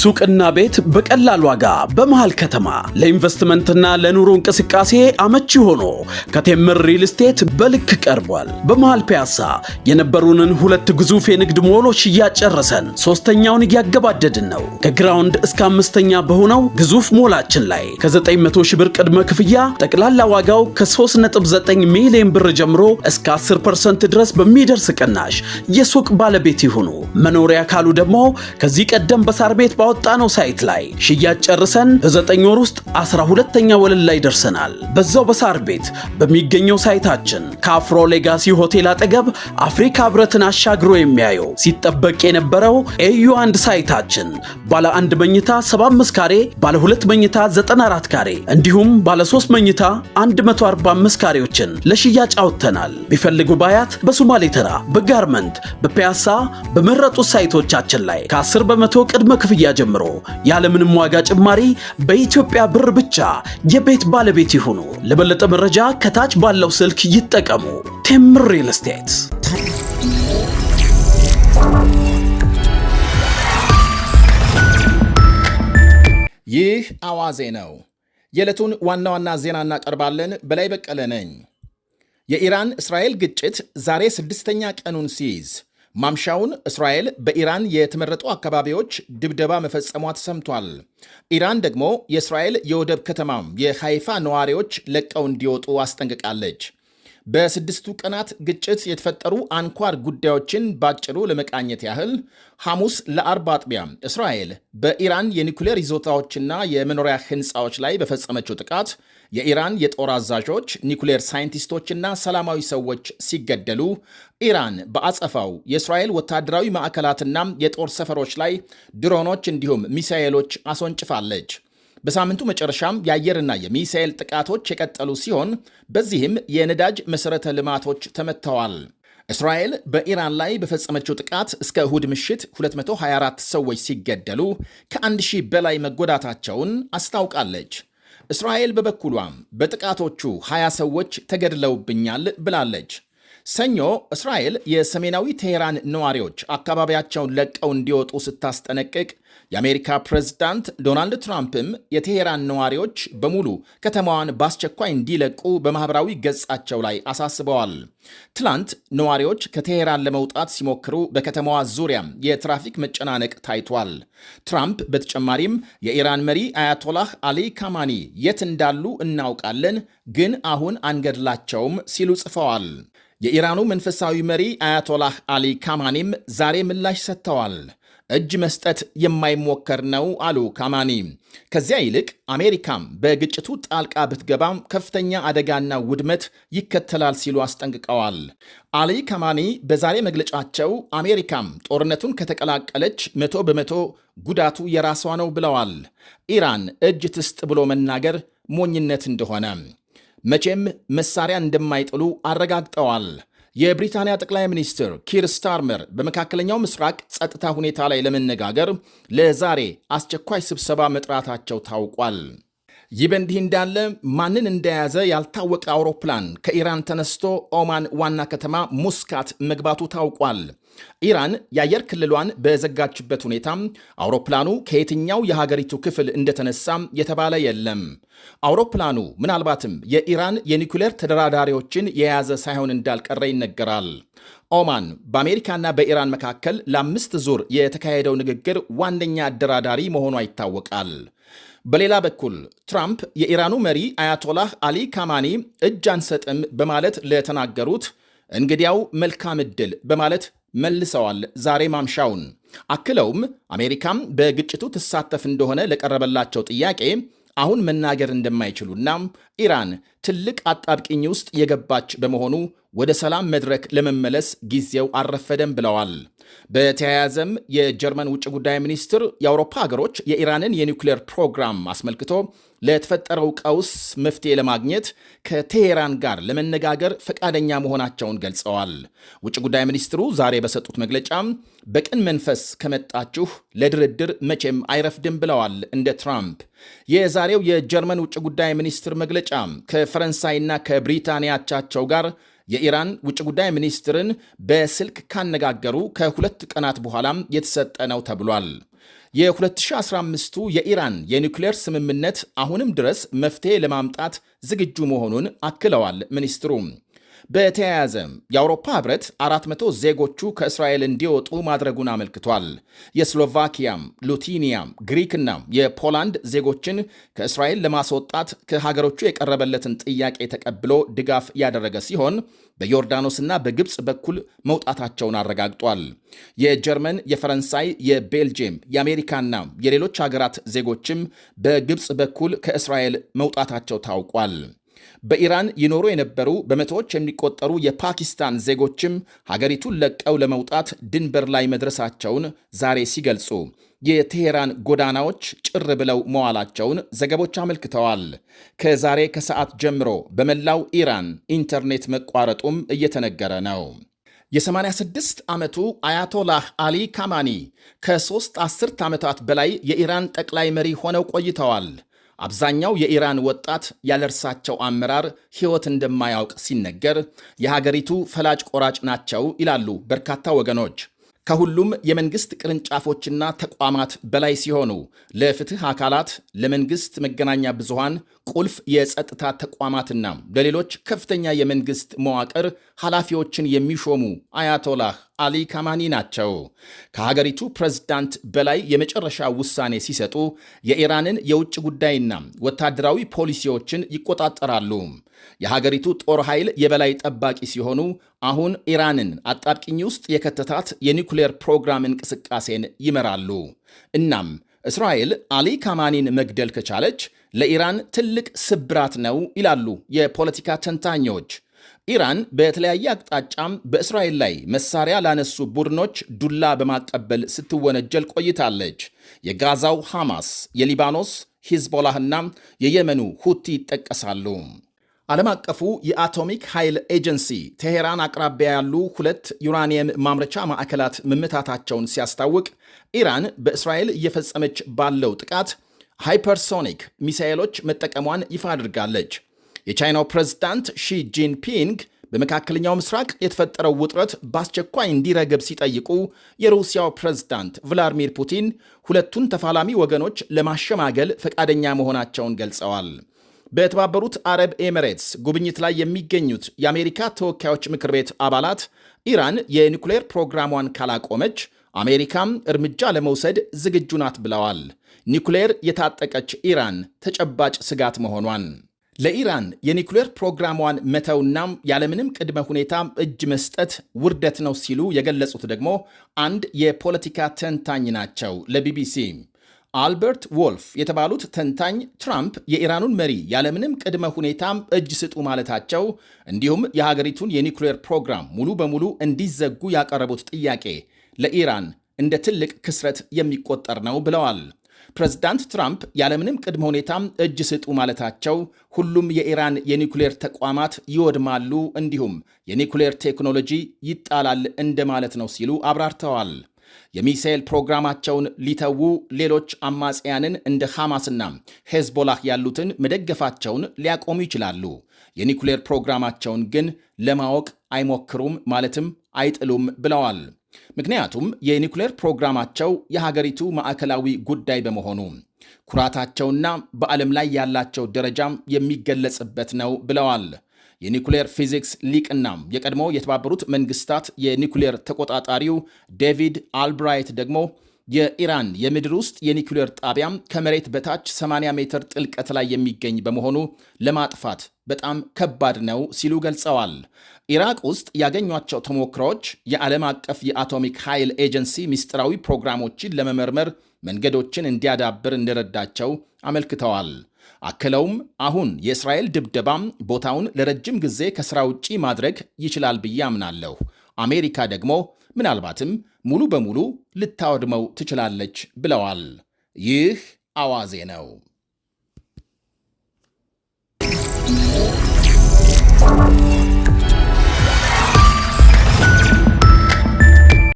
ሱቅና ቤት በቀላል ዋጋ በመሃል ከተማ ለኢንቨስትመንትና ለኑሮ እንቅስቃሴ አመቺ ሆኖ ከቴምር ሪል ስቴት በልክ ቀርቧል። በመሃል ፒያሳ የነበሩንን ሁለት ግዙፍ የንግድ ሞሎች እያጨረሰን ሶስተኛውን እያገባደድን ነው። ከግራውንድ እስከ አምስተኛ በሆነው ግዙፍ ሞላችን ላይ ከ900 ሺህ ብር ቅድመ ክፍያ ጠቅላላ ዋጋው ከ3.9 ሚሊዮን ብር ጀምሮ እስከ 10 ፐርሰንት ድረስ በሚደርስ ቅናሽ የሱቅ ባለቤት ይሁኑ። መኖሪያ ካሉ ደግሞ ከዚህ ቀደም በሳር ቤት ባወጣነው ሳይት ላይ ሽያጭ ጨርሰን በዘጠኝ ወር ውስጥ አስራ ሁለተኛ ወለል ላይ ደርሰናል። በዛው በሳር ቤት በሚገኘው ሳይታችን ከአፍሮ ሌጋሲ ሆቴል አጠገብ አፍሪካ ህብረትን አሻግሮ የሚያየው ሲጠበቅ የነበረው ኤዩ አንድ ሳይታችን ባለ አንድ መኝታ 75 ካሬ፣ ባለ ሁለት መኝታ 94 ካሬ እንዲሁም ባለ ሶስት መኝታ 145 ካሬዎችን ለሽያጭ አውጥተናል። ቢፈልጉ ባያት፣ በሶማሌ ተራ፣ በጋርመንት፣ በፒያሳ በመረጡት ሳይቶቻችን ላይ ከ10 በመቶ ቅድመ ክፍያ ክፍያ ጀምሮ ያለምንም ዋጋ ጭማሪ በኢትዮጵያ ብር ብቻ የቤት ባለቤት ይሁኑ። ለበለጠ መረጃ ከታች ባለው ስልክ ይጠቀሙ። ቴምር ሪል ስቴት። ይህ አዋዜ ነው። የዕለቱን ዋና ዋና ዜና እናቀርባለን። በላይ በቀለ ነኝ። የኢራን እስራኤል ግጭት ዛሬ ስድስተኛ ቀኑን ሲይዝ ማምሻውን እስራኤል በኢራን የተመረጡ አካባቢዎች ድብደባ መፈጸሟ ተሰምቷል። ኢራን ደግሞ የእስራኤል የወደብ ከተማም የሃይፋ ነዋሪዎች ለቀው እንዲወጡ አስጠንቅቃለች። በስድስቱ ቀናት ግጭት የተፈጠሩ አንኳር ጉዳዮችን ባጭሩ ለመቃኘት ያህል ሐሙስ ለአርብ አጥቢያ እስራኤል በኢራን የኒኩሌር ይዞታዎችና የመኖሪያ ህንፃዎች ላይ በፈጸመችው ጥቃት የኢራን የጦር አዛዦች፣ ኒኩሌር ሳይንቲስቶችና ሰላማዊ ሰዎች ሲገደሉ ኢራን በአጸፋው የእስራኤል ወታደራዊ ማዕከላትና የጦር ሰፈሮች ላይ ድሮኖች እንዲሁም ሚሳኤሎች አስወንጭፋለች። በሳምንቱ መጨረሻም የአየርና የሚሳኤል ጥቃቶች የቀጠሉ ሲሆን በዚህም የነዳጅ መሠረተ ልማቶች ተመትተዋል። እስራኤል በኢራን ላይ በፈጸመችው ጥቃት እስከ እሁድ ምሽት 224 ሰዎች ሲገደሉ ከ1000 በላይ መጎዳታቸውን አስታውቃለች። እስራኤል በበኩሏም በጥቃቶቹ 20 ሰዎች ተገድለውብኛል ብላለች። ሰኞ እስራኤል የሰሜናዊ ቴሄራን ነዋሪዎች አካባቢያቸውን ለቀው እንዲወጡ ስታስጠነቅቅ የአሜሪካ ፕሬዝዳንት ዶናልድ ትራምፕም የቴሄራን ነዋሪዎች በሙሉ ከተማዋን በአስቸኳይ እንዲለቁ በማኅበራዊ ገጻቸው ላይ አሳስበዋል። ትላንት ነዋሪዎች ከቴሄራን ለመውጣት ሲሞክሩ በከተማዋ ዙሪያም የትራፊክ መጨናነቅ ታይቷል። ትራምፕ በተጨማሪም የኢራን መሪ አያቶላህ አሊ ካማኒ የት እንዳሉ እናውቃለን፣ ግን አሁን አንገድላቸውም ሲሉ ጽፈዋል። የኢራኑ መንፈሳዊ መሪ አያቶላህ አሊ ካማኒም ዛሬ ምላሽ ሰጥተዋል። እጅ መስጠት የማይሞከር ነው አሉ ካማኒ። ከዚያ ይልቅ አሜሪካም በግጭቱ ጣልቃ ብትገባም ከፍተኛ አደጋና ውድመት ይከተላል ሲሉ አስጠንቅቀዋል። አሊ ካማኒ በዛሬ መግለጫቸው አሜሪካም ጦርነቱን ከተቀላቀለች መቶ በመቶ ጉዳቱ የራሷ ነው ብለዋል። ኢራን እጅ ትስጥ ብሎ መናገር ሞኝነት እንደሆነ መቼም መሳሪያ እንደማይጥሉ አረጋግጠዋል። የብሪታንያ ጠቅላይ ሚኒስትር ኪር ስታርመር በመካከለኛው ምስራቅ ጸጥታ ሁኔታ ላይ ለመነጋገር ለዛሬ አስቸኳይ ስብሰባ መጥራታቸው ታውቋል። ይህ በእንዲህ እንዳለ ማንን እንደያዘ ያልታወቀ አውሮፕላን ከኢራን ተነስቶ ኦማን ዋና ከተማ ሙስካት መግባቱ ታውቋል። ኢራን የአየር ክልሏን በዘጋችበት ሁኔታ አውሮፕላኑ ከየትኛው የሀገሪቱ ክፍል እንደተነሳ የተባለ የለም። አውሮፕላኑ ምናልባትም የኢራን የኒኩሌር ተደራዳሪዎችን የያዘ ሳይሆን እንዳልቀረ ይነገራል። ኦማን በአሜሪካና በኢራን መካከል ለአምስት ዙር የተካሄደው ንግግር ዋነኛ አደራዳሪ መሆኗ ይታወቃል። በሌላ በኩል ትራምፕ የኢራኑ መሪ አያቶላህ አሊ ካማኒ እጅ አንሰጥም በማለት ለተናገሩት እንግዲያው መልካም ዕድል በማለት መልሰዋል ዛሬ ማምሻውን። አክለውም አሜሪካም በግጭቱ ትሳተፍ እንደሆነ ለቀረበላቸው ጥያቄ አሁን መናገር እንደማይችሉና ኢራን ትልቅ አጣብቂኝ ውስጥ የገባች በመሆኑ ወደ ሰላም መድረክ ለመመለስ ጊዜው አልረፈደም ብለዋል። በተያያዘም የጀርመን ውጭ ጉዳይ ሚኒስትር የአውሮፓ ሀገሮች የኢራንን የኒውክሌር ፕሮግራም አስመልክቶ ለተፈጠረው ቀውስ መፍትሄ ለማግኘት ከቴሄራን ጋር ለመነጋገር ፈቃደኛ መሆናቸውን ገልጸዋል። ውጭ ጉዳይ ሚኒስትሩ ዛሬ በሰጡት መግለጫ በቅን መንፈስ ከመጣችሁ ለድርድር መቼም አይረፍድም ብለዋል። እንደ ትራምፕ የዛሬው የጀርመን ውጭ ጉዳይ ሚኒስትር መግለጫ ከፈረንሳይና ከብሪታንያቻቸው ጋር የኢራን ውጭ ጉዳይ ሚኒስትርን በስልክ ካነጋገሩ ከሁለት ቀናት በኋላም የተሰጠ ነው ተብሏል። የ2015ቱ የኢራን የኒውክሌር ስምምነት አሁንም ድረስ መፍትሄ ለማምጣት ዝግጁ መሆኑን አክለዋል ሚኒስትሩ። በተያያዘ የአውሮፓ ህብረት 400 ዜጎቹ ከእስራኤል እንዲወጡ ማድረጉን አመልክቷል። የስሎቫኪያም፣ ሉቲኒያም፣ ግሪክና የፖላንድ ዜጎችን ከእስራኤል ለማስወጣት ከሀገሮቹ የቀረበለትን ጥያቄ ተቀብሎ ድጋፍ ያደረገ ሲሆን በዮርዳኖስና በግብፅ በኩል መውጣታቸውን አረጋግጧል። የጀርመን፣ የፈረንሳይ፣ የቤልጅየም፣ የአሜሪካና የሌሎች ሀገራት ዜጎችም በግብፅ በኩል ከእስራኤል መውጣታቸው ታውቋል። በኢራን ይኖሩ የነበሩ በመቶዎች የሚቆጠሩ የፓኪስታን ዜጎችም ሀገሪቱን ለቀው ለመውጣት ድንበር ላይ መድረሳቸውን ዛሬ ሲገልጹ የቴሄራን ጎዳናዎች ጭር ብለው መዋላቸውን ዘገቦች አመልክተዋል። ከዛሬ ከሰዓት ጀምሮ በመላው ኢራን ኢንተርኔት መቋረጡም እየተነገረ ነው። የ86 ዓመቱ አያቶላህ አሊ ካማኒ ከሦስት አስርት ዓመታት በላይ የኢራን ጠቅላይ መሪ ሆነው ቆይተዋል። አብዛኛው የኢራን ወጣት ያለርሳቸው አመራር ሕይወት እንደማያውቅ ሲነገር የሀገሪቱ ፈላጭ ቆራጭ ናቸው ይላሉ በርካታ ወገኖች። ከሁሉም የመንግስት ቅርንጫፎችና ተቋማት በላይ ሲሆኑ ለፍትህ አካላት፣ ለመንግስት መገናኛ ብዙሃን፣ ቁልፍ የጸጥታ ተቋማትና ለሌሎች ከፍተኛ የመንግስት መዋቅር ኃላፊዎችን የሚሾሙ አያቶላህ አሊ ካማኒ ናቸው። ከሀገሪቱ ፕሬዝዳንት በላይ የመጨረሻ ውሳኔ ሲሰጡ የኢራንን የውጭ ጉዳይና ወታደራዊ ፖሊሲዎችን ይቆጣጠራሉ። የሀገሪቱ ጦር ኃይል የበላይ ጠባቂ ሲሆኑ አሁን ኢራንን አጣብቂኝ ውስጥ የከተታት የኒውክሌር ፕሮግራም እንቅስቃሴን ይመራሉ። እናም እስራኤል አሊ ካማኒን መግደል ከቻለች ለኢራን ትልቅ ስብራት ነው ይላሉ የፖለቲካ ተንታኞች። ኢራን በተለያየ አቅጣጫም በእስራኤል ላይ መሳሪያ ላነሱ ቡድኖች ዱላ በማቀበል ስትወነጀል ቆይታለች። የጋዛው ሐማስ፣ የሊባኖስ ሂዝቦላህና የየመኑ ሁቲ ይጠቀሳሉ። ዓለም አቀፉ የአቶሚክ ኃይል ኤጀንሲ ቴሄራን አቅራቢያ ያሉ ሁለት ዩራኒየም ማምረቻ ማዕከላት መመታታቸውን ሲያስታውቅ ኢራን በእስራኤል እየፈጸመች ባለው ጥቃት ሃይፐርሶኒክ ሚሳኤሎች መጠቀሟን ይፋ አድርጋለች። የቻይናው ፕሬዝዳንት ሺ ጂንፒንግ በመካከለኛው ምስራቅ የተፈጠረው ውጥረት በአስቸኳይ እንዲረግብ ሲጠይቁ የሩሲያው ፕሬዝዳንት ቭላድሚር ፑቲን ሁለቱን ተፋላሚ ወገኖች ለማሸማገል ፈቃደኛ መሆናቸውን ገልጸዋል። በተባበሩት አረብ ኤሚሬትስ ጉብኝት ላይ የሚገኙት የአሜሪካ ተወካዮች ምክር ቤት አባላት ኢራን የኒኩሌር ፕሮግራሟን ካላቆመች አሜሪካም እርምጃ ለመውሰድ ዝግጁ ናት ብለዋል። ኒኩሌር የታጠቀች ኢራን ተጨባጭ ስጋት መሆኗን ለኢራን የኒኩሌር ፕሮግራሟን መተውና ያለምንም ቅድመ ሁኔታ እጅ መስጠት ውርደት ነው ሲሉ የገለጹት ደግሞ አንድ የፖለቲካ ተንታኝ ናቸው ለቢቢሲ አልበርት ዎልፍ የተባሉት ተንታኝ ትራምፕ የኢራኑን መሪ ያለምንም ቅድመ ሁኔታም እጅ ስጡ ማለታቸው እንዲሁም የሀገሪቱን የኒውክሌር ፕሮግራም ሙሉ በሙሉ እንዲዘጉ ያቀረቡት ጥያቄ ለኢራን እንደ ትልቅ ክስረት የሚቆጠር ነው ብለዋል። ፕሬዝዳንት ትራምፕ ያለምንም ቅድመ ሁኔታም እጅ ስጡ ማለታቸው ሁሉም የኢራን የኒውክሌር ተቋማት ይወድማሉ፣ እንዲሁም የኒውክሌር ቴክኖሎጂ ይጣላል እንደማለት ነው ሲሉ አብራርተዋል። የሚሳኤል ፕሮግራማቸውን ሊተዉ ሌሎች አማጽያንን እንደ ሐማስና ሄዝቦላህ ያሉትን መደገፋቸውን ሊያቆሙ ይችላሉ። የኒኩሌር ፕሮግራማቸውን ግን ለማወቅ አይሞክሩም፣ ማለትም አይጥሉም ብለዋል። ምክንያቱም የኒኩሌር ፕሮግራማቸው የሀገሪቱ ማዕከላዊ ጉዳይ በመሆኑ ኩራታቸውና በዓለም ላይ ያላቸው ደረጃም የሚገለጽበት ነው ብለዋል። የኒኩሌር ፊዚክስ ሊቅና የቀድሞ የተባበሩት መንግስታት የኒኩሌር ተቆጣጣሪው ዴቪድ አልብራይት ደግሞ የኢራን የምድር ውስጥ የኒኩሌር ጣቢያም ከመሬት በታች 80 ሜትር ጥልቀት ላይ የሚገኝ በመሆኑ ለማጥፋት በጣም ከባድ ነው ሲሉ ገልጸዋል። ኢራቅ ውስጥ ያገኟቸው ተሞክሮዎች የዓለም አቀፍ የአቶሚክ ኃይል ኤጀንሲ ምስጢራዊ ፕሮግራሞችን ለመመርመር መንገዶችን እንዲያዳብር እንደረዳቸው አመልክተዋል። አክለውም አሁን የእስራኤል ድብደባ ቦታውን ለረጅም ጊዜ ከስራ ውጪ ማድረግ ይችላል ብዬ አምናለሁ። አሜሪካ ደግሞ ምናልባትም ሙሉ በሙሉ ልታወድመው ትችላለች ብለዋል። ይህ አዋዜ ነው። you